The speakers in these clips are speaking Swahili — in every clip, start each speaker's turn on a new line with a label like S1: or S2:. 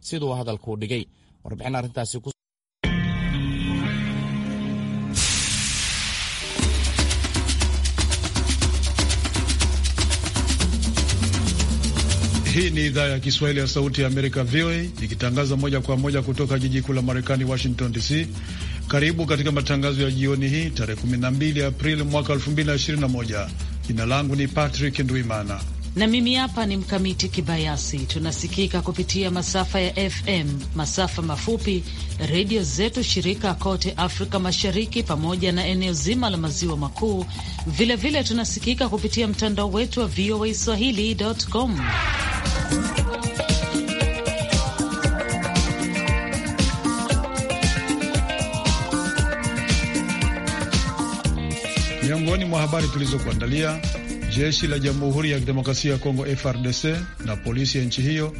S1: siduu hadalka u dhigay warbixin arrintaasi ku
S2: Hii ni idhaa ya Kiswahili ya Sauti ya Amerika, VOA, ikitangaza moja kwa moja kutoka jiji kuu la Marekani, Washington DC. Karibu katika matangazo ya jioni hii tarehe 12 Aprili mwaka 2021. Jina langu ni Patrick Ndwimana
S3: na mimi hapa ni Mkamiti Kibayasi. Tunasikika kupitia masafa ya FM, masafa mafupi, redio zetu shirika kote Afrika Mashariki pamoja na eneo zima la maziwa makuu. Vilevile tunasikika kupitia mtandao wetu wa VOA Swahili.com.
S2: Miongoni mwa habari tulizokuandalia Jeshi la Jamhuri ya Kidemokrasia ya Kongo FRDC na polisi ya nchi hiyo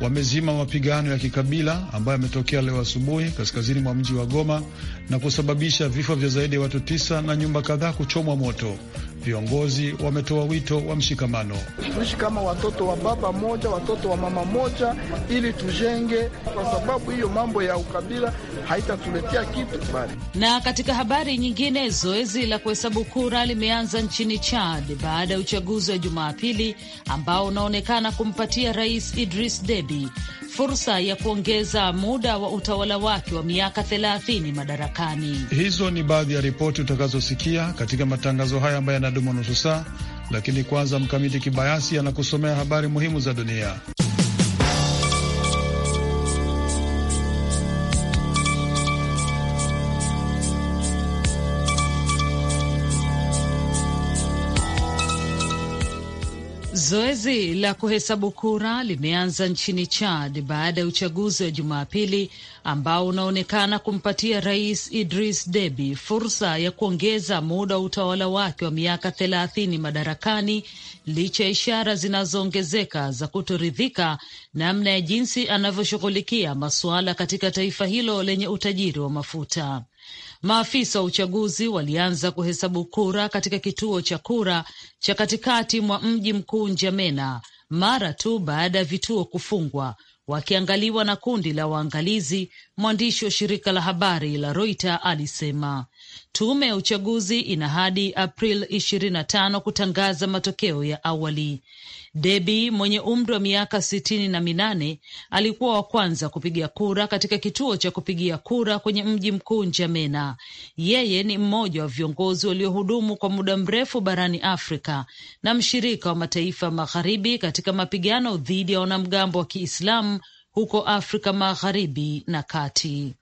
S2: wamezima mapigano ya kikabila ambayo yametokea leo asubuhi kaskazini mwa mji wa Goma na kusababisha vifo vya zaidi ya watu tisa na nyumba kadhaa kuchomwa moto. Viongozi wametoa wito wa mshikamano.
S4: Tuishi kama watoto wa baba moja, watoto wa mama moja, ili tujenge, kwa sababu hiyo mambo ya ukabila haitatuletea kitu bali.
S3: Na katika habari nyingine, zoezi la kuhesabu kura limeanza nchini Chad baada ya uchaguzi wa Jumapili ambao unaonekana kumpatia Rais Idris Deby fursa ya kuongeza muda wa utawala wake wa miaka 30 madarakani.
S2: Hizo ni baadhi ya ripoti utakazosikia katika matangazo haya ambayo yanadumu nusu saa, lakini kwanza Mkamiti Kibayasi anakusomea habari muhimu za dunia.
S3: Zoezi la kuhesabu kura limeanza nchini Chad baada ya uchaguzi wa Jumapili ambao unaonekana kumpatia Rais Idris Deby fursa ya kuongeza muda wa utawala wake wa miaka thelathini madarakani licha ya ishara zinazoongezeka za kutoridhika namna ya jinsi anavyoshughulikia masuala katika taifa hilo lenye utajiri wa mafuta. Maafisa wa uchaguzi walianza kuhesabu kura katika kituo cha kura cha katikati mwa mji mkuu Njamena mara tu baada ya vituo kufungwa, wakiangaliwa na kundi la waangalizi. Mwandishi wa shirika la habari la Reuters alisema Tume ya uchaguzi ina hadi April 25 kutangaza matokeo ya awali. Debi mwenye umri wa miaka sitini na minane alikuwa wa kwanza kupiga kura katika kituo cha kupigia kura kwenye mji mkuu Njamena. Yeye ni mmoja wa viongozi waliohudumu kwa muda mrefu barani Afrika na mshirika wa mataifa magharibi katika mapigano dhidi ya wanamgambo wa Kiislamu huko Afrika magharibi na kati.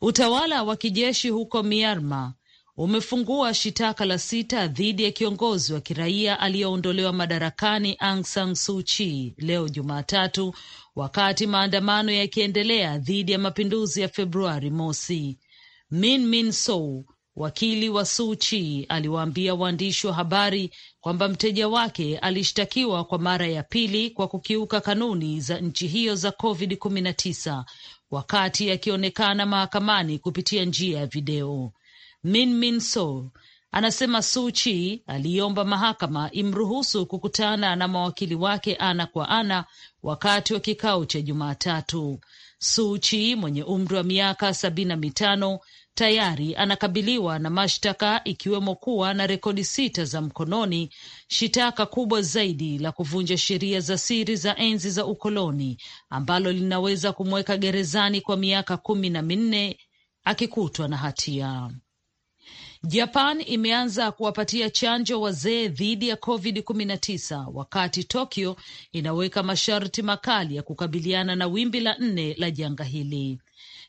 S3: Utawala wa kijeshi huko Myanmar umefungua shitaka la sita dhidi ya kiongozi wa kiraia aliyeondolewa madarakani Aung San Suu Kyi leo Jumatatu, wakati maandamano yakiendelea dhidi ya mapinduzi ya Februari mosi. Min Min Sow, wakili wa Suu Kyi, aliwaambia waandishi wa habari kwamba mteja wake alishtakiwa kwa mara ya pili kwa kukiuka kanuni za nchi hiyo za COVID-19 wakati akionekana mahakamani kupitia njia ya video. Min Min anasema Suchi aliomba mahakama imruhusu kukutana na mawakili wake ana kwa ana wakati wa kikao cha Jumatatu. Suchi mwenye umri wa miaka sabini na mitano tayari anakabiliwa na mashtaka ikiwemo kuwa na rekodi sita za mkononi, shitaka kubwa zaidi la kuvunja sheria za siri za enzi za ukoloni ambalo linaweza kumweka gerezani kwa miaka kumi na minne akikutwa na hatia. Japan imeanza kuwapatia chanjo wazee dhidi ya COVID-19 wakati Tokyo inaweka masharti makali ya kukabiliana na wimbi la nne la janga hili.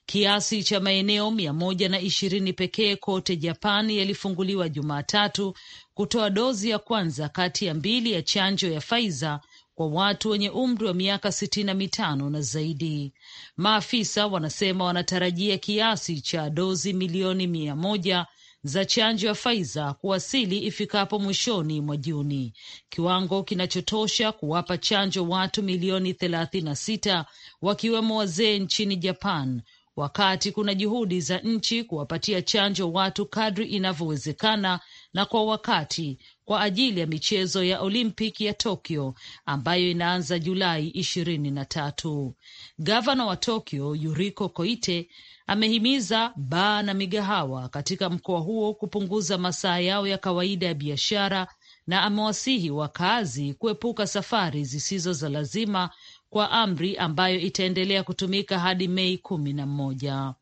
S3: Kiasi cha maeneo mia moja na ishirini pekee kote Japan yalifunguliwa Jumatatu kutoa dozi ya kwanza kati ya mbili ya chanjo ya Pfizer kwa watu wenye umri wa miaka sitini na mitano na zaidi. Maafisa wanasema wanatarajia kiasi cha dozi milioni mia moja za chanjo ya Pfizer kuwasili ifikapo mwishoni mwa Juni, kiwango kinachotosha kuwapa chanjo watu milioni thelathini na sita wakiwemo wazee nchini Japan wakati kuna juhudi za nchi kuwapatia chanjo watu kadri inavyowezekana na kwa wakati kwa ajili ya michezo ya Olimpiki ya Tokyo ambayo inaanza Julai ishirini na tatu. Gavana wa Tokyo Yuriko Koite amehimiza baa na migahawa katika mkoa huo kupunguza masaa yao ya kawaida ya biashara na amewasihi wakazi kuepuka safari zisizo za lazima kwa amri ambayo itaendelea kutumika hadi Mei kumi na mmoja.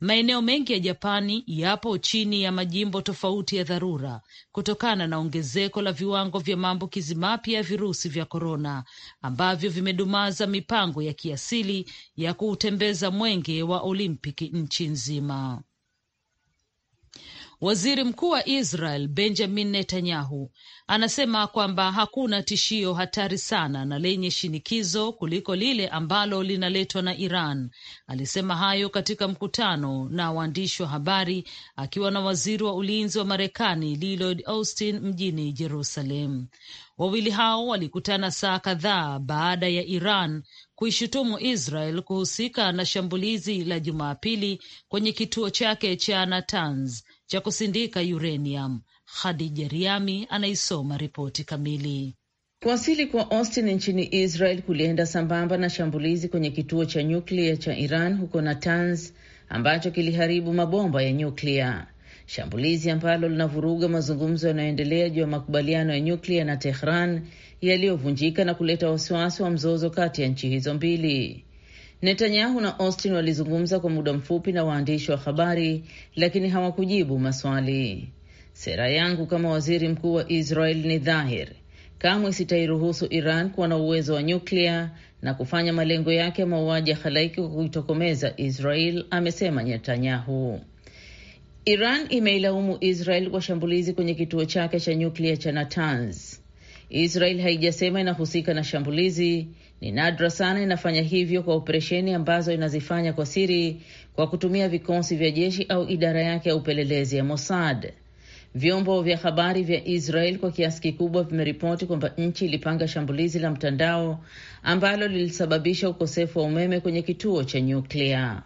S3: Maeneo mengi ya Japani yapo chini ya majimbo tofauti ya dharura kutokana na ongezeko la viwango vya maambukizi mapya ya virusi vya korona ambavyo vimedumaza mipango ya kiasili ya kuutembeza mwenge wa Olimpiki nchi nzima. Waziri mkuu wa Israel Benjamin Netanyahu anasema kwamba hakuna tishio hatari sana na lenye shinikizo kuliko lile ambalo linaletwa na Iran. Alisema hayo katika mkutano na waandishi wa habari akiwa na waziri wa ulinzi wa Marekani Lloyd Austin mjini Jerusalem. Wawili hao walikutana saa kadhaa baada ya Iran kuishutumu Israel kuhusika na shambulizi la Jumapili kwenye kituo chake cha Natanz cha kusindika uranium. Khadija Riami anaisoma ripoti kamili.
S5: Kuwasili kwa Austin nchini Israel kulienda sambamba na shambulizi kwenye kituo cha nyuklia cha Iran huko Natanz ambacho kiliharibu mabomba ya nyuklia, shambulizi ambalo linavuruga mazungumzo yanayoendelea juu ya makubaliano ya nyuklia na Tehran yaliyovunjika na kuleta wasiwasi wa mzozo kati ya nchi hizo mbili. Netanyahu na Austin walizungumza kwa muda mfupi na waandishi wa habari, lakini hawakujibu maswali. Sera yangu kama waziri mkuu wa Israel ni dhahir, kamwe sitairuhusu Iran kuwa na uwezo wa nyuklia na kufanya malengo yake ya mauaji ya halaiki kwa kuitokomeza Israel, amesema Netanyahu. Iran imeilaumu Israel kwa shambulizi kwenye kituo chake cha nyuklia cha Natanz. Israel haijasema inahusika na shambulizi, ni nadra sana inafanya hivyo kwa operesheni ambazo inazifanya kwa siri kwa kutumia vikosi vya jeshi au idara yake ya upelelezi ya Mossad. Vyombo vya habari vya Israel kwa kiasi kikubwa vimeripoti kwamba nchi ilipanga shambulizi la mtandao ambalo lilisababisha ukosefu wa umeme kwenye kituo cha nyuklia.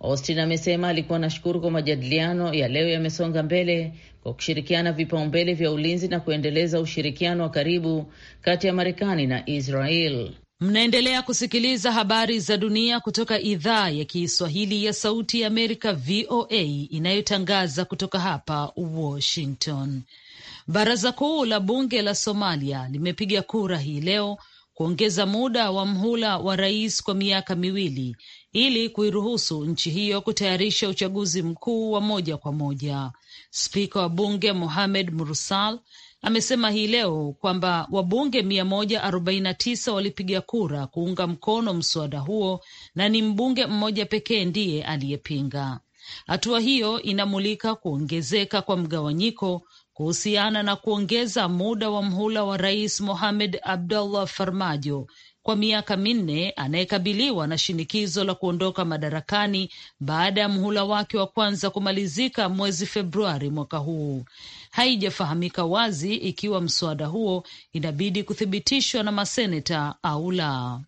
S5: Austin amesema alikuwa na shukuru kwa majadiliano ya leo yamesonga mbele kwa kushirikiana vipaumbele vya ulinzi na kuendeleza ushirikiano wa karibu kati ya Marekani na Israel.
S3: Mnaendelea kusikiliza habari za dunia kutoka idhaa ya Kiswahili ya Sauti ya Amerika, VOA, inayotangaza kutoka hapa Washington. Baraza Kuu la Bunge la Somalia limepiga kura hii leo kuongeza muda wa mhula wa rais kwa miaka miwili ili kuiruhusu nchi hiyo kutayarisha uchaguzi mkuu wa moja kwa moja. Spika wa bunge Mohamed Mursal amesema hii leo kwamba wabunge 149 walipiga kura kuunga mkono mswada huo na ni mbunge mmoja pekee ndiye aliyepinga. Hatua hiyo inamulika kuongezeka kwa mgawanyiko kuhusiana na kuongeza muda wa mhula wa Rais Mohamed Abdullah Farmajo kwa miaka minne anayekabiliwa na shinikizo la kuondoka madarakani baada ya mhula wake wa kwanza kumalizika mwezi Februari mwaka huu. Haijafahamika wazi ikiwa mswada huo inabidi kuthibitishwa na maseneta au la.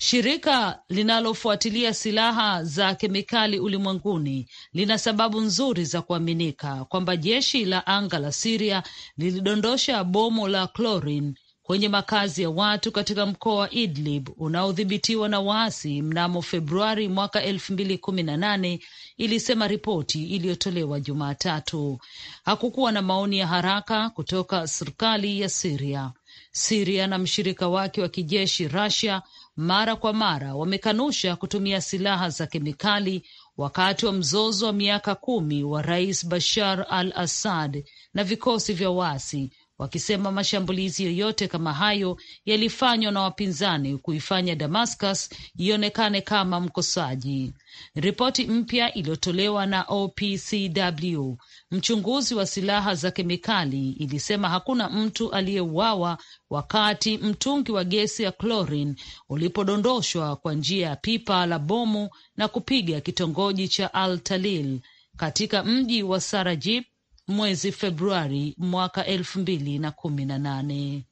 S3: Shirika linalofuatilia silaha za kemikali ulimwenguni lina sababu nzuri za kuaminika kwamba jeshi la anga la Siria lilidondosha bomu la chlorine kwenye makazi ya watu katika mkoa wa Idlib unaodhibitiwa na waasi mnamo Februari mwaka elfu mbili kumi na nane, ilisema ripoti iliyotolewa Jumatatu. Hakukuwa na maoni ya haraka kutoka serikali ya Siria. Siria na mshirika wake wa kijeshi Rusia mara kwa mara wamekanusha kutumia silaha za kemikali wakati wa mzozo wa miaka kumi wa Rais Bashar al Assad na vikosi vya waasi wakisema mashambulizi yoyote kama hayo yalifanywa na wapinzani kuifanya Damascus ionekane kama mkosaji. Ripoti mpya iliyotolewa na OPCW, mchunguzi wa silaha za kemikali, ilisema hakuna mtu aliyeuawa wakati mtungi wa gesi ya chlorine ulipodondoshwa kwa njia ya pipa la bomu na kupiga kitongoji cha Al Talil katika mji wa Sarajip mwezi Februari mwaka elfu mbili na kumi na nane.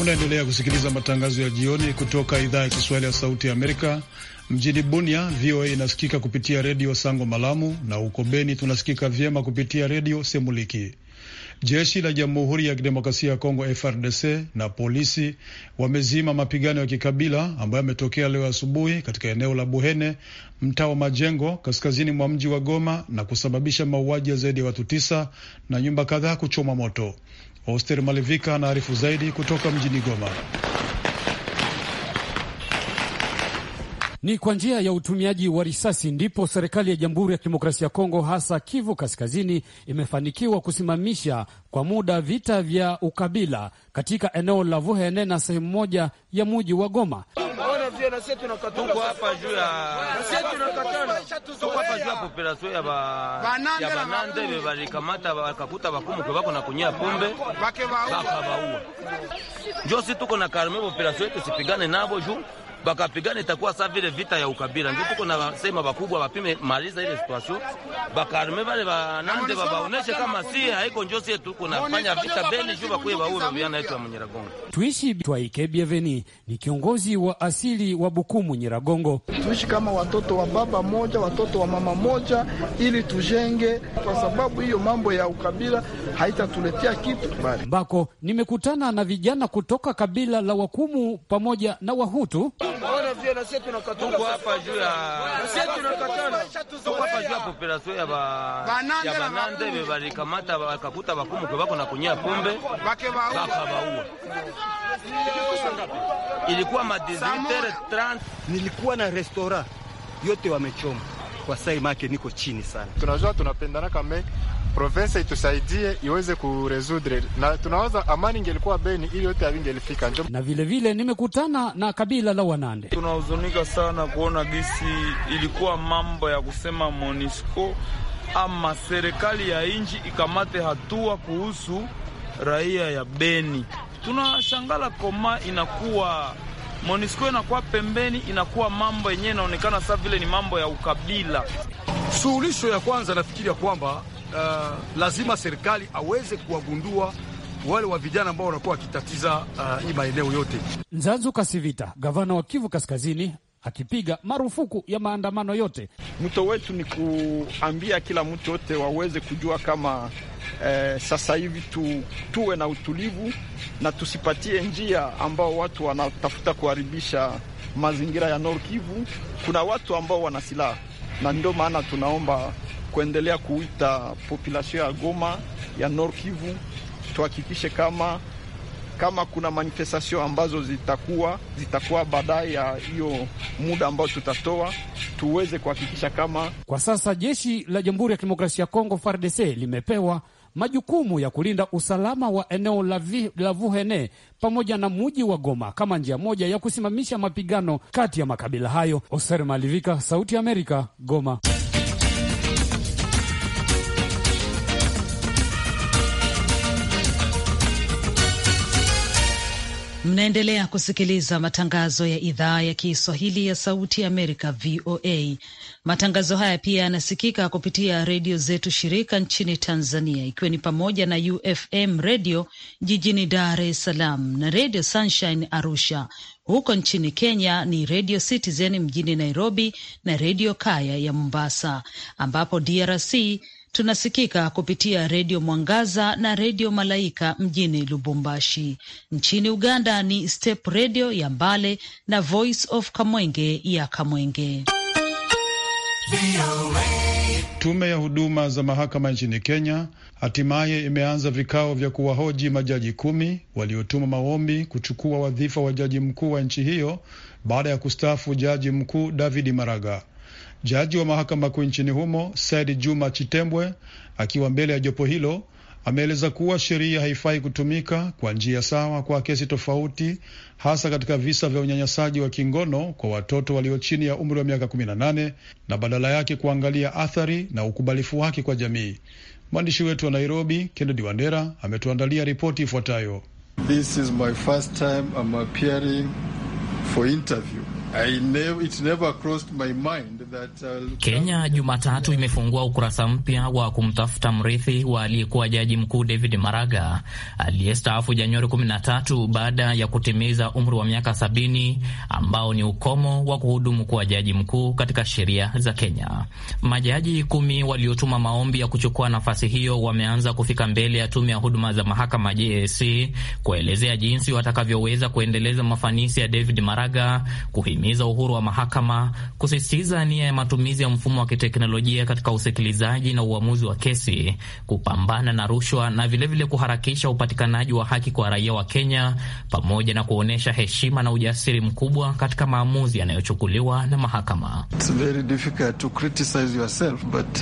S2: Unaendelea kusikiliza matangazo ya jioni kutoka idhaa ya Kiswahili ya Sauti ya Amerika mjini Bunia. VOA inasikika kupitia redio Sango Malamu, na huko Beni tunasikika vyema kupitia redio Semuliki. Jeshi la Jamhuri ya Kidemokrasia ya Kongo FRDC na polisi wamezima mapigano ya kikabila ambayo yametokea leo asubuhi katika eneo la Buhene, mtaa wa Majengo, kaskazini mwa mji wa Goma na kusababisha mauaji ya zaidi ya watu tisa na nyumba kadhaa kuchoma moto.
S6: Oster Malivika
S2: anaarifu zaidi kutoka mjini Goma.
S6: Ni kwa njia ya utumiaji wa risasi ndipo serikali ya Jamhuri ya Kidemokrasia ya Kongo, hasa Kivu Kaskazini, imefanikiwa kusimamisha kwa muda vita vya ukabila katika eneo la Vuhene na sehemu moja ya muji wa Goma.
S7: Tuko hapa juu ya ya na pombe njosi tuko na karme sipigane nabo bakapigana, itakuwa saa vile vita ya ukabila. Ndio tuko na sema bakubwa bapime maliza ile situation, bakarme wale banande babaoneshe kama si haiko njosi yetu, tuko nafanya vita beni juu bakuye baure viana yetu ya Munyiragongo.
S6: Tuishi twaike Bienveni ni kiongozi wa asili wa Bukumu Nyiragongo.
S4: Tuishi kama watoto wa baba moja, watoto wa mama moja, ili tujenge, kwa sababu hiyo mambo ya ukabila haitatuletea kitu.
S6: Mbako nimekutana na vijana kutoka kabila la Wakumu pamoja na Wahutu
S7: tuko hapa juu ya population ya banande bebalikamata bakakuta bakumukwe bako na kunyea pombe bakabaua. Ilikuwa ma 30
S2: nilikuwa na restaurant yote wamechoma kwa sai make, niko chini
S8: sana. Tunajua tunapendanaka me Profesa itusaidie iweze kuresudre, na
S6: tunawaza amani ingelikuwa Beni ili yote avingelifika. Na vile vile nimekutana na kabila la Wanande.
S7: Tunahuzunika sana kuona gisi ilikuwa mambo ya kusema Monisco ama serikali ya nchi ikamate hatua kuhusu raia ya Beni. Tunashangala koma inakuwa Monisco inakuwa pembeni, inakuwa mambo yenyewe inaonekana saa vile ni mambo ya ukabila.
S2: Suluhisho ya kwanza ya kwamba uh, lazima serikali aweze kuwagundua
S7: wale wa vijana ambao wanakuwa wakitatiza uh, hii maeneo yote.
S6: Nzanzu Kasivita, gavana wa Kivu Kaskazini, akipiga marufuku ya maandamano yote. mto wetu ni kuambia kila mtu yote waweze kujua kama eh, sasa hivi tu, tuwe
S2: na utulivu na tusipatie njia ambao watu wanatafuta kuharibisha mazingira ya Nord Kivu. Kuna watu ambao wana silaha na ndio maana tunaomba kuendelea kuita population ya Goma ya Nord Kivu, tuhakikishe kama kama kuna manifestation ambazo zitakuwa zitakuwa baadaye ya hiyo muda ambao tutatoa, tuweze kuhakikisha kama.
S6: Kwa sasa jeshi la Jamhuri ya Kidemokrasia ya Kongo FARDC limepewa majukumu ya kulinda usalama wa eneo la Vuhene pamoja na muji wa Goma kama njia moja ya kusimamisha mapigano kati ya makabila hayo. Oser Malivika, Sauti ya Amerika, Goma.
S3: Mnaendelea kusikiliza matangazo ya idhaa ya Kiswahili ya Sauti ya Amerika, VOA. Matangazo haya pia yanasikika kupitia redio zetu shirika nchini Tanzania, ikiwa ni pamoja na UFM redio jijini Dar es Salaam na redio Sunshine Arusha. Huko nchini Kenya ni redio Citizen mjini Nairobi na redio Kaya ya Mombasa, ambapo DRC Tunasikika kupitia Redio Mwangaza na Redio Malaika mjini Lubumbashi. Nchini Uganda ni Step Redio ya Mbale na Voice of Kamwenge ya Kamwenge.
S2: Tume ya huduma za mahakama nchini Kenya hatimaye imeanza vikao vya kuwahoji majaji kumi waliotuma maombi kuchukua wadhifa wa jaji mkuu wa nchi hiyo baada ya kustaafu jaji mkuu David Maraga. Jaji wa mahakama kuu nchini humo Said Juma Chitembwe akiwa mbele ya jopo hilo ameeleza kuwa sheria haifai kutumika kwa njia sawa kwa kesi tofauti, hasa katika visa vya unyanyasaji wa kingono kwa watoto walio chini ya umri wa miaka 18 na badala yake kuangalia athari na ukubalifu wake kwa jamii. Mwandishi wetu wa Nairobi, Kennedy Wandera, ametuandalia ripoti ifuatayo. This is my first time I'm appearing for interview. Uh,
S4: Kenya Jumatatu imefungua ukurasa mpya wa kumtafuta mrithi wa aliyekuwa jaji mkuu David Maraga aliyestaafu Januari 13 baada ya kutimiza umri wa miaka 70 ambao ni ukomo wa kuhudumu kuwa jaji mkuu katika sheria za Kenya. Majaji kumi waliotuma maombi ya kuchukua nafasi hiyo wameanza kufika mbele ya tume ya huduma za mahakama JSC kuelezea jinsi watakavyoweza kuendeleza mafanisi ya David Maraga kuhimi kuhimiza uhuru wa mahakama, kusisitiza nia ya matumizi ya mfumo wa kiteknolojia katika usikilizaji na uamuzi wa kesi, kupambana na rushwa na vilevile vile kuharakisha upatikanaji wa haki kwa raia wa Kenya, pamoja na kuonyesha heshima na ujasiri mkubwa katika maamuzi yanayochukuliwa na mahakama.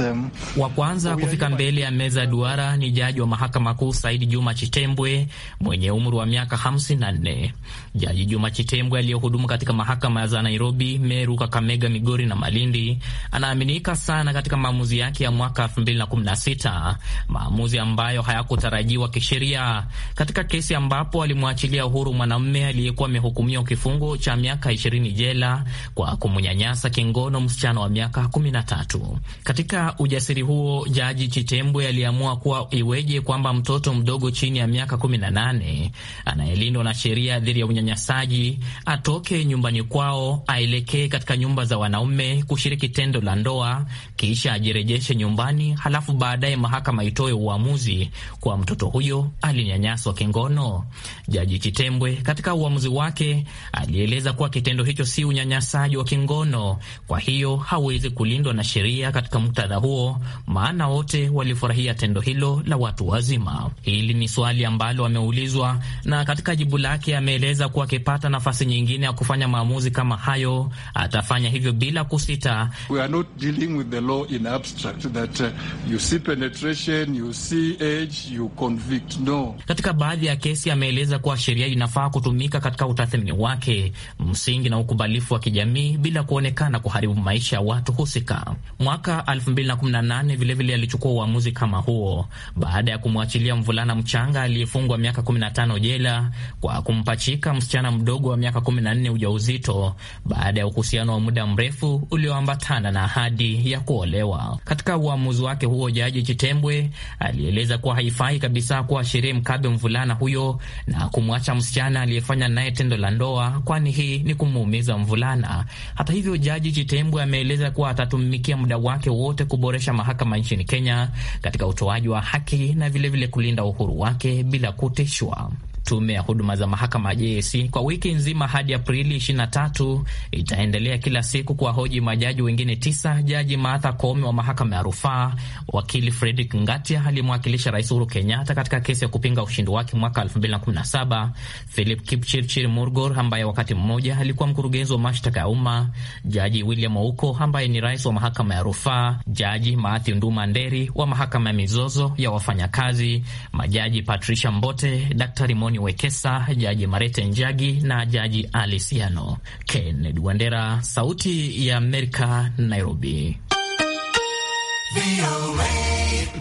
S4: Um, wa kwanza kufika mbele ya meza ya duara ni jaji wa mahakama kuu Saidi Juma Chitembwe mwenye umri wa miaka 54. Jaji Juma Chitembwe aliyehudumu katika mahakama ya za Nairobi, Meru, Kakamega, Migori na Malindi, anaaminika sana katika maamuzi yake ya mwaka 2016, maamuzi ambayo hayakutarajiwa kisheria katika kesi ambapo alimwachilia uhuru mwanamume aliyekuwa amehukumiwa kifungo cha miaka 20 jela kwa kumnyanyasa kingono msichana wa miaka 13. Katika ujasiri huo, Jaji Chitembwe aliamua kuwa iweje kwamba mtoto mdogo chini ya miaka 18 anayelindwa na sheria dhidi ya unyanyasaji atoke nyumbani kwao yao aelekee katika nyumba za wanaume kushiriki tendo la ndoa, kisha ajirejeshe nyumbani, halafu baadaye mahakama itoe uamuzi kwa mtoto huyo alinyanyaswa kingono. Jaji Chitembwe katika uamuzi wake alieleza kuwa kitendo hicho si unyanyasaji wa kingono, kwa hiyo hawezi kulindwa na sheria katika muktadha huo, maana wote walifurahia tendo hilo la watu wazima. Hili ni swali ambalo ameulizwa, na katika jibu lake ameeleza kuwa akipata nafasi nyingine ya kufanya maamuzi kama kama hayo, atafanya hivyo bila kusita.
S2: We are not dealing with the law in abstract that uh, you see penetration, you see age, you convict. No.
S4: Katika baadhi ya kesi ameeleza kuwa sheria inafaa kutumika katika utathmini wake msingi na ukubalifu wa kijamii bila kuonekana kuharibu maisha ya watu husika. Mwaka 2018 vilevile alichukua uamuzi kama huo baada ya kumwachilia mvulana mchanga aliyefungwa miaka 15 jela kwa kumpachika msichana mdogo wa miaka 14 ujauzito baada ya uhusiano wa muda mrefu ulioambatana na ahadi ya kuolewa. Katika uamuzi wake huo, Jaji Chitembwe alieleza kuwa haifai kabisa kuwa sherehe mkabe mvulana huyo na kumwacha msichana aliyefanya naye tendo la ndoa, kwani hii ni kumuumiza mvulana. Hata hivyo, Jaji Chitembwe ameeleza kuwa atatumikia muda wake wote kuboresha mahakama nchini Kenya katika utoaji wa haki na vilevile vile kulinda uhuru wake bila kutishwa. Tume ya huduma za mahakama JSC kwa wiki nzima hadi Aprili 23 itaendelea kila siku kuwahoji majaji wengine tisa, Jaji Martha Koome wa mahakama ya rufaa, wakili Fredrick Ngatia aliyemwakilisha Rais Uhuru Kenyatta katika kesi ya kupinga ushindi wake mwaka 2017, Philip Kipchirchir Murgor ambaye wakati mmoja alikuwa mkurugenzi wa mashtaka ya umma, Jaji William Ouko ambaye ni rais wa mahakama ya rufaa, Jaji Maathi Nduma Nderi wa mahakama ya mizozo ya wafanyakazi, majaji Patricia Mbote, Daktari Simoni Wekesa, Jaji Marete Njagi na Jaji Alisiano. Kenned Wandera, Sauti ya Amerika, Nairobi.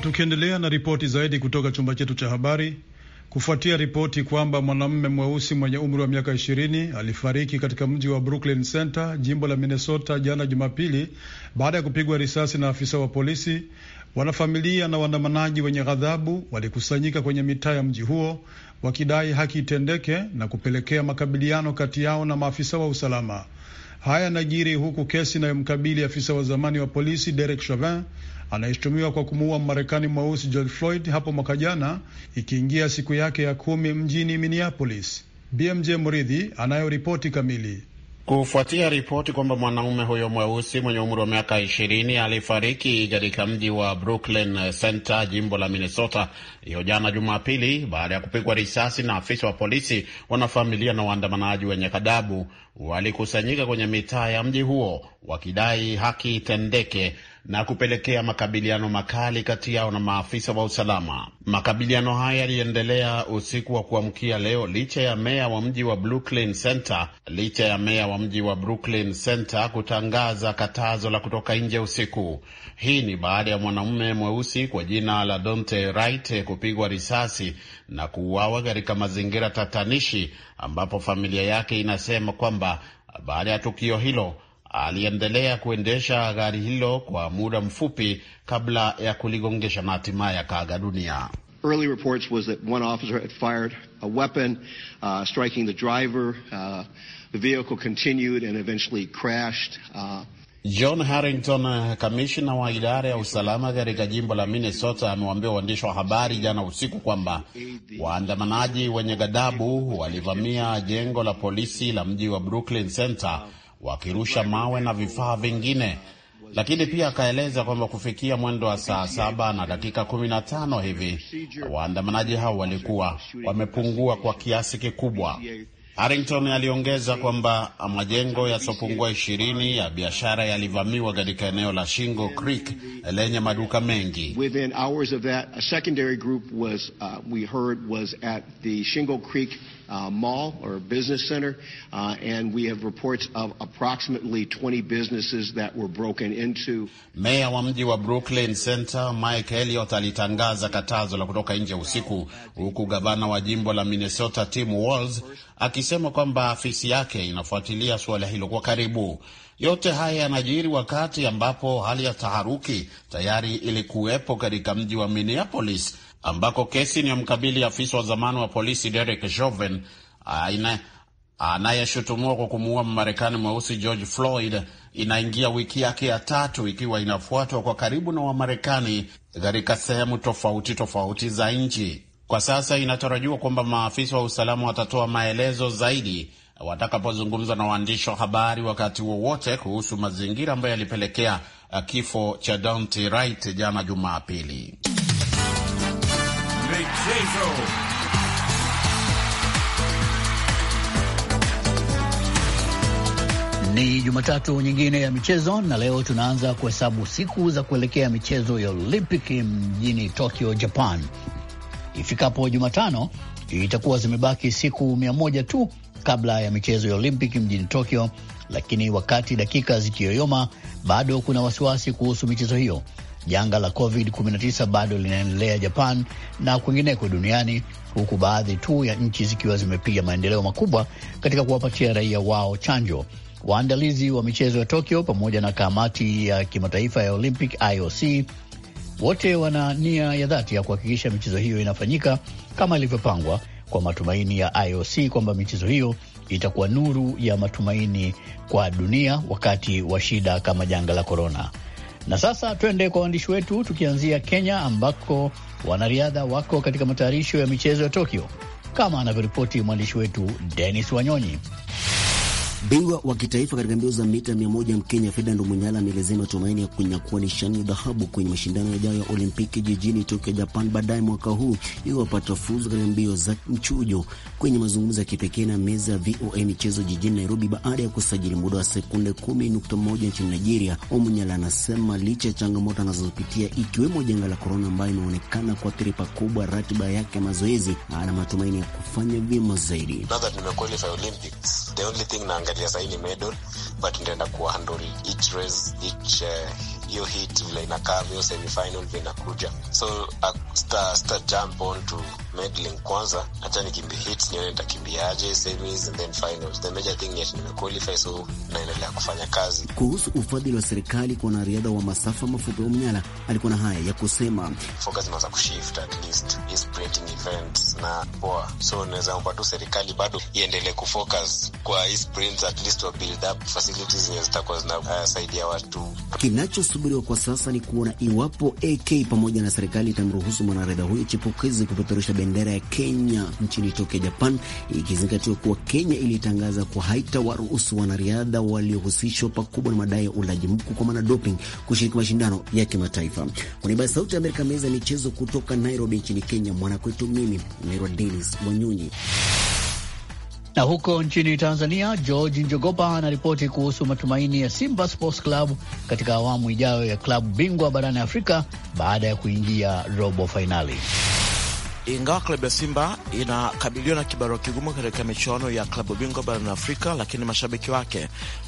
S2: Tukiendelea na ripoti zaidi kutoka chumba chetu cha habari, kufuatia ripoti kwamba mwanamume mweusi mwenye umri wa miaka 20 alifariki katika mji wa Brooklyn Center, jimbo la Minnesota, jana Jumapili baada ya kupigwa risasi na afisa wa polisi. Wanafamilia na waandamanaji wenye ghadhabu walikusanyika kwenye mitaa ya mji huo wakidai haki itendeke na kupelekea makabiliano kati yao na maafisa wa usalama. Haya najiri huku kesi inayomkabili afisa wa zamani wa polisi Derek Chauvin anayeshutumiwa kwa kumuua Mmarekani mweusi George Floyd hapo mwaka jana ikiingia siku yake ya kumi mjini Minneapolis. BMJ Mridhi anayo ripoti kamili. Kufuatia
S8: ripoti kwamba mwanaume huyo mweusi mwenye umri wa miaka ishirini alifariki katika mji wa Brooklyn Center, jimbo la Minnesota, hiyo jana Jumapili, baada ya kupigwa risasi na afisa wa polisi, wanafamilia na waandamanaji wenye kadabu walikusanyika kwenye mitaa ya mji huo wakidai haki itendeke na kupelekea makabiliano makali kati yao na maafisa wa usalama. Makabiliano haya yaliendelea usiku wa kuamkia leo licha ya meya wa mji wa Brooklyn Center licha ya meya wa mji wa Brooklyn Center kutangaza katazo la kutoka nje usiku. Hii ni baada ya mwanamume mweusi kwa jina la Donte Wright kupigwa risasi na kuuawa katika mazingira tatanishi, ambapo familia yake inasema kwamba baada ya tukio hilo aliendelea kuendesha gari hilo kwa muda mfupi kabla ya kuligongesha na hatimaye akaaga dunia. Uh. John Harrington, kamishna wa idara ya usalama katika jimbo la Minnesota, amewaambia waandishi wa habari jana usiku kwamba waandamanaji wenye ghadhabu walivamia jengo la polisi la mji wa Brooklyn Center wakirusha mawe na vifaa vingine, lakini pia akaeleza kwamba kufikia mwendo wa saa saba na dakika kumi na tano hivi waandamanaji hao walikuwa wamepungua kwa kiasi kikubwa. Harrington aliongeza kwamba majengo yasiyopungua ishirini ya biashara yalivamiwa katika eneo la shingo Creek lenye maduka mengi.
S9: Uh, mall or business center, uh, and we have reports of approximately 20 businesses that were broken into.
S8: Meya wa mji wa Brooklyn Center Mike Elliott alitangaza katazo la kutoka nje usiku, huku gavana wa jimbo la Minnesota Tim Walz akisema kwamba afisi yake inafuatilia suala hilo kwa karibu. Yote haya yanajiri wakati ambapo hali ya taharuki tayari ilikuwepo katika mji wa Minneapolis ambako kesi ni inayomkabili afisa wa zamani wa polisi Derek Chauvin anayeshutumiwa kwa kumuua Mmarekani mweusi George Floyd inaingia wiki yake ya tatu ikiwa inafuatwa kwa karibu na Wamarekani katika sehemu tofauti tofauti za nchi. Kwa sasa inatarajiwa kwamba maafisa wa usalama watatoa maelezo zaidi watakapozungumza na waandishi wa habari wakati wowote kuhusu mazingira ambayo yalipelekea uh, kifo cha Daunte Wright jana Jumapili.
S10: Michezo. Ni Jumatatu nyingine ya michezo na leo tunaanza kuhesabu siku za kuelekea michezo ya Olimpiki mjini Tokyo, Japan. Ifikapo Jumatano itakuwa zimebaki siku mia moja tu kabla ya michezo ya Olimpiki mjini Tokyo, lakini wakati dakika zikiyoyoma, bado kuna wasiwasi kuhusu michezo hiyo. Janga la COVID-19 bado linaendelea Japan na kwingineko duniani, huku baadhi tu ya nchi zikiwa zimepiga maendeleo makubwa katika kuwapatia raia wao chanjo. Waandalizi wa michezo ya Tokyo pamoja na kamati ya kimataifa ya Olympic IOC wote wana nia ya dhati ya kuhakikisha michezo hiyo inafanyika kama ilivyopangwa kwa matumaini ya IOC kwamba michezo hiyo itakuwa nuru ya matumaini kwa dunia wakati wa shida kama janga la korona. Na sasa twende kwa waandishi wetu tukianzia Kenya ambako wanariadha wako katika matayarisho ya michezo ya Tokyo kama anavyoripoti mwandishi wetu Denis Wanyonyi.
S9: Bingwa wa kitaifa katika mbio za mita 100 Mkenya Ferdinand Munyala ameelezea matumaini ya kunyakua nishani ya dhahabu kwenye mashindano yajayo ya Olimpiki jijini Tokyo, Japan, baadaye mwaka huu iwo wapata fuzu katika mbio za mchujo. Kwenye mazungumzo ya kipekee na meza ya VOA michezo jijini Nairobi baada ya kusajili muda wa sekunde 10.1 nchini Nigeria, Omunyala anasema licha ya changamoto anazopitia ikiwemo janga la korona, ambayo imeonekana kuathiri pakubwa ratiba yake ya mazoezi, ana matumaini ya kufanya vyema zaidi
S8: ukiangalia sahii ni medal but nitaenda kuhandle each race each uh, hiyo hit vile inakaa, hiyo semifinal vile inakuja, so sta sta jump on to medling kwanza, hata nikimbi hit nione nitakimbiaje semis and then finals. The major thing ni ati nimequalify, so naendelea kufanya kazi.
S9: Kuhusu ufadhili wa serikali kwa wanariadha wa masafa mafupi, Omanyala alikuwa na haya ya kusema:
S8: focus inaanza kushift at least is creating events na poa, so naweza kupa tu serikali bado iendelee kufocus kwa sprints, at least wa build up facilities zenye zitakuwa zinasaidia uh, watu
S9: kinacho kinachosubiriwa kwa sasa ni kuona iwapo AK pamoja na serikali itamruhusu mwanariadha huyo chipukizi kupeperusha bendera ya Kenya nchini Tokyo, Japan, ikizingatiwa kuwa Kenya ilitangaza kuwa haitawaruhusu wanariadha waliohusishwa pakubwa na madai ya ulaji mkuu kwa maana doping kushiriki mashindano ya kimataifa. Kwa niaba ya Sauti ya Amerika, meza ya michezo kutoka Nairobi nchini Kenya, mwanakwetu mimi Nairwa Denis Wanyonyi.
S10: Na huko nchini Tanzania, George Njogopa anaripoti kuhusu matumaini ya Simba Sports Club katika awamu ijayo ya klabu bingwa barani Afrika baada ya kuingia robo fainali.
S7: Ingawa klabu ya Simba inakabiliwa na kibarua kigumu katika michuano ya klabu bingwa barani Afrika, lakini mashabiki wake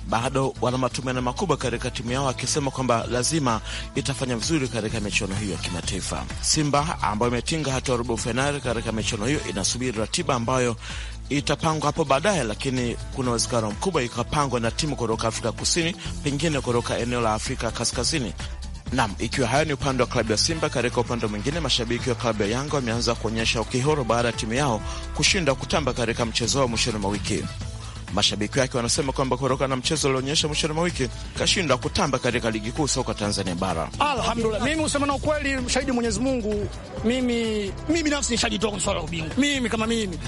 S7: bado wana matumaini makubwa katika timu yao, akisema kwamba lazima itafanya vizuri katika michuano hiyo ya kimataifa. Simba ambayo imetinga hatua robo fainali katika michuano hiyo inasubiri ratiba ambayo itapangwa hapo baadaye, lakini kuna uwezekano mkubwa ikapangwa na timu kutoka Afrika Kusini, pengine kutoka eneo la Afrika Kaskazini. Nam, ikiwa hayo ni upande wa klabu ya Simba. Katika upande mwingine, mashabiki wa klabu ya Yanga wameanza kuonyesha ukihoro baada ya timu yao kushindwa kutamba katika mchezo wa mwishoni mwa wiki. Mashabiki wake wanasema kwamba kutokana na mchezo ulioonyesha mwishoni mwa wiki kashindwa kutamba katika ligi kuu soka Tanzania Bara.
S6: Alhamdulillah, mimi usema na ukweli, shahidi Mwenyezi Mungu, mimi mimi nafsi ni shahidi toka swala ubingu. Mimi kama mimi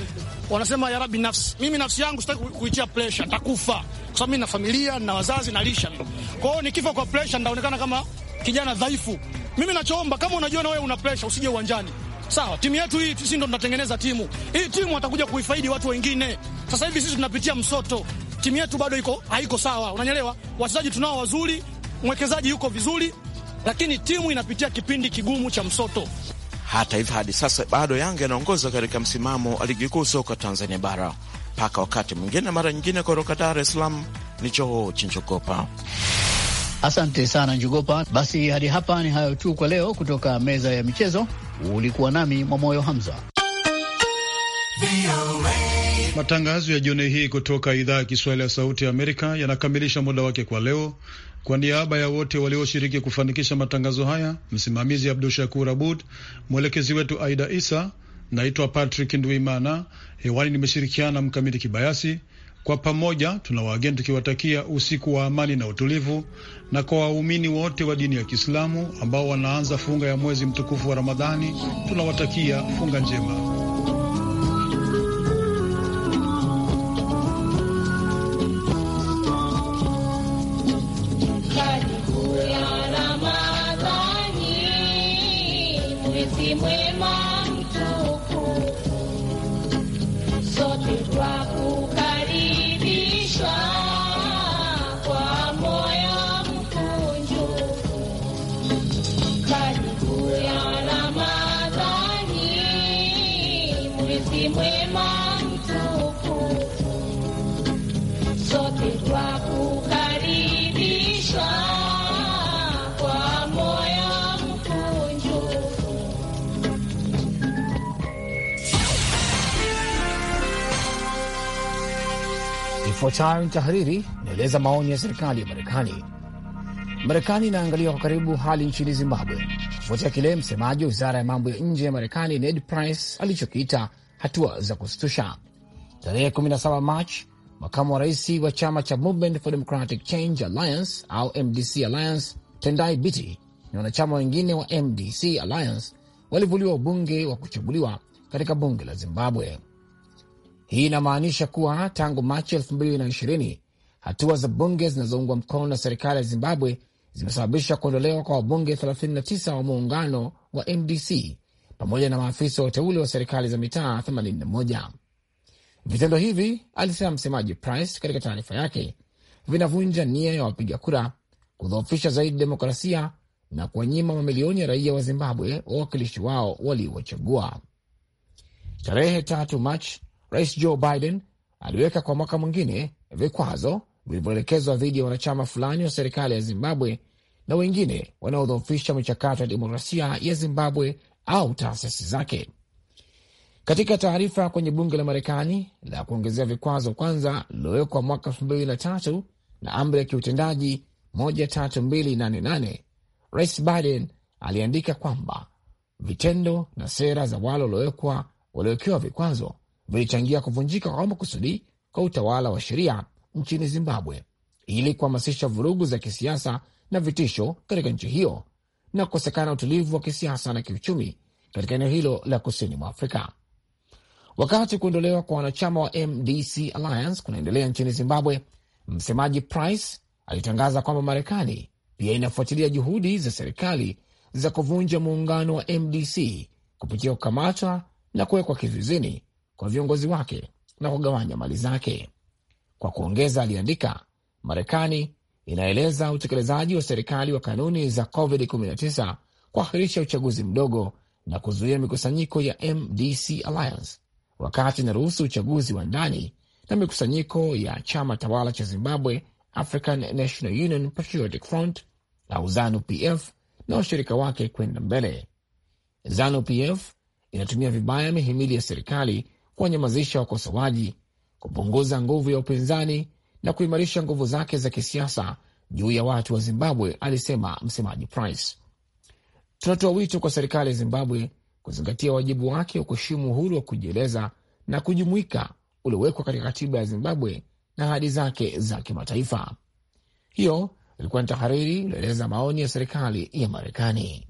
S6: wanasema ya Rabbi nafsi, mimi nafsi yangu sitaki kuitia pressure, nitakufa kwa sababu mimi na familia na wazazi na lisha. Kwa hiyo nikifa kwa pressure, ndaonekana kama kijana dhaifu. Mimi nachoomba, kama unajua na wewe una pressure, usije uwanjani Sawa, timu yetu hii sisi ndo tunatengeneza timu hii. Timu watakuja kuifaidi watu wengine. Sasa hivi sisi tunapitia msoto, timu yetu bado iko haiko sawa, unanyelewa? Wachezaji tunao wazuri, mwekezaji yuko vizuri, lakini timu inapitia kipindi kigumu cha msoto.
S7: Hata hivyo hadi sasa bado Yanga inaongoza katika msimamo wa ligi kuu soka Tanzania bara mpaka wakati mwingine, mara nyingine. Kutoka Dar es Salaam ni Choo Chinchokopa.
S10: Asante sana Njugopa. Basi hadi hapa ni hayo tu kwa leo, kutoka meza ya michezo. Ulikuwa nami Mwamoyo Hamza.
S2: Matangazo ya jioni hii kutoka idhaa ya Kiswahili ya Sauti ya Amerika yanakamilisha muda wake kwa leo. Kwa niaba ya wote walioshiriki kufanikisha matangazo haya, msimamizi Abdu Shakur Abud, mwelekezi wetu Aida Isa. Naitwa Patrick Ndwimana, hewani nimeshirikiana na Mkamiti Kibayasi. Kwa pamoja tuna wageni tukiwatakia usiku wa amani na utulivu, na kwa waumini wote wa dini ya Kiislamu ambao wanaanza funga ya mwezi mtukufu wa Ramadhani tunawatakia funga njema.
S1: Ifuatayo ni tahariri inaeleza maoni ya serikali ya Marekani. Marekani inaangalia kwa karibu hali nchini Zimbabwe kufuatia kile msemaji wa wizara ya mambo ya nje ya Marekani Ned Price alichokiita hatua za kusitusha. Tarehe 17 Machi, makamu wa rais wa chama cha Movement for Democratic Change Alliance au MDC Alliance, Tendai Biti na wanachama wengine wa MDC Alliance walivuliwa ubunge wa kuchaguliwa katika bunge la Zimbabwe. Hii inamaanisha kuwa tangu Machi 2020 hatua za bunge zinazoungwa mkono na serikali ya Zimbabwe zimesababisha kuondolewa kwa wabunge 39 wa muungano wa MDC pamoja na maafisa uteuli wa serikali za mitaa 81. Vitendo hivi, alisema msemaji Price katika taarifa yake, vinavunja nia ya wapiga kura, kudhoofisha zaidi demokrasia na kuwanyima mamilioni ya raia wa Zimbabwe wawakilishi wao waliowachagua. Tarehe tatu Machi, Rais Joe Biden aliweka kwa mwaka mwingine vikwazo vilivyoelekezwa dhidi ya wanachama fulani wa serikali ya Zimbabwe na wengine wanaodhoofisha michakato ya demokrasia ya Zimbabwe au taasisi zake. Katika taarifa kwenye bunge la Marekani la kuongezea vikwazo kwanza lililowekwa mwaka elfu mbili na tatu na amri ya kiutendaji 13288 Rais Biden aliandika kwamba vitendo na sera za wale waliowekewa vikwazo vilichangia kuvunjika kwa makusudi kwa utawala wa sheria nchini Zimbabwe ili kuhamasisha vurugu za kisiasa na vitisho katika nchi hiyo na kukosekana utulivu wa kisiasa na kiuchumi katika eneo hilo la kusini mwa Afrika. Wakati kuondolewa kwa wanachama wa MDC Alliance kunaendelea nchini Zimbabwe, msemaji Price alitangaza kwamba Marekani pia inafuatilia juhudi za serikali za kuvunja muungano wa MDC kupitia kukamatwa na kuwekwa kizuizini kwa viongozi wake na kugawanya mali zake. Kwa kuongeza, aliandika, Marekani inaeleza utekelezaji wa serikali wa kanuni za COVID-19 kuahirisha uchaguzi mdogo na kuzuia mikusanyiko ya MDC Alliance wakati inaruhusu uchaguzi wa ndani na mikusanyiko ya chama tawala cha Zimbabwe African National Union Patriotic Front au ZANU PF na washirika wake kwenda mbele. ZANU PF inatumia vibaya mihimili ya serikali kuwanyamazisha wakosoaji, kupunguza nguvu ya upinzani na kuimarisha nguvu zake za kisiasa juu ya watu wa Zimbabwe, alisema msemaji Price. Tunatoa wito kwa serikali ya Zimbabwe kuzingatia wajibu wake wa kuheshimu uhuru wa kujieleza na kujumuika uliowekwa katika katiba ya Zimbabwe na ahadi zake za kimataifa. Hiyo ilikuwa ni tahariri ilioeleza maoni ya serikali ya Marekani.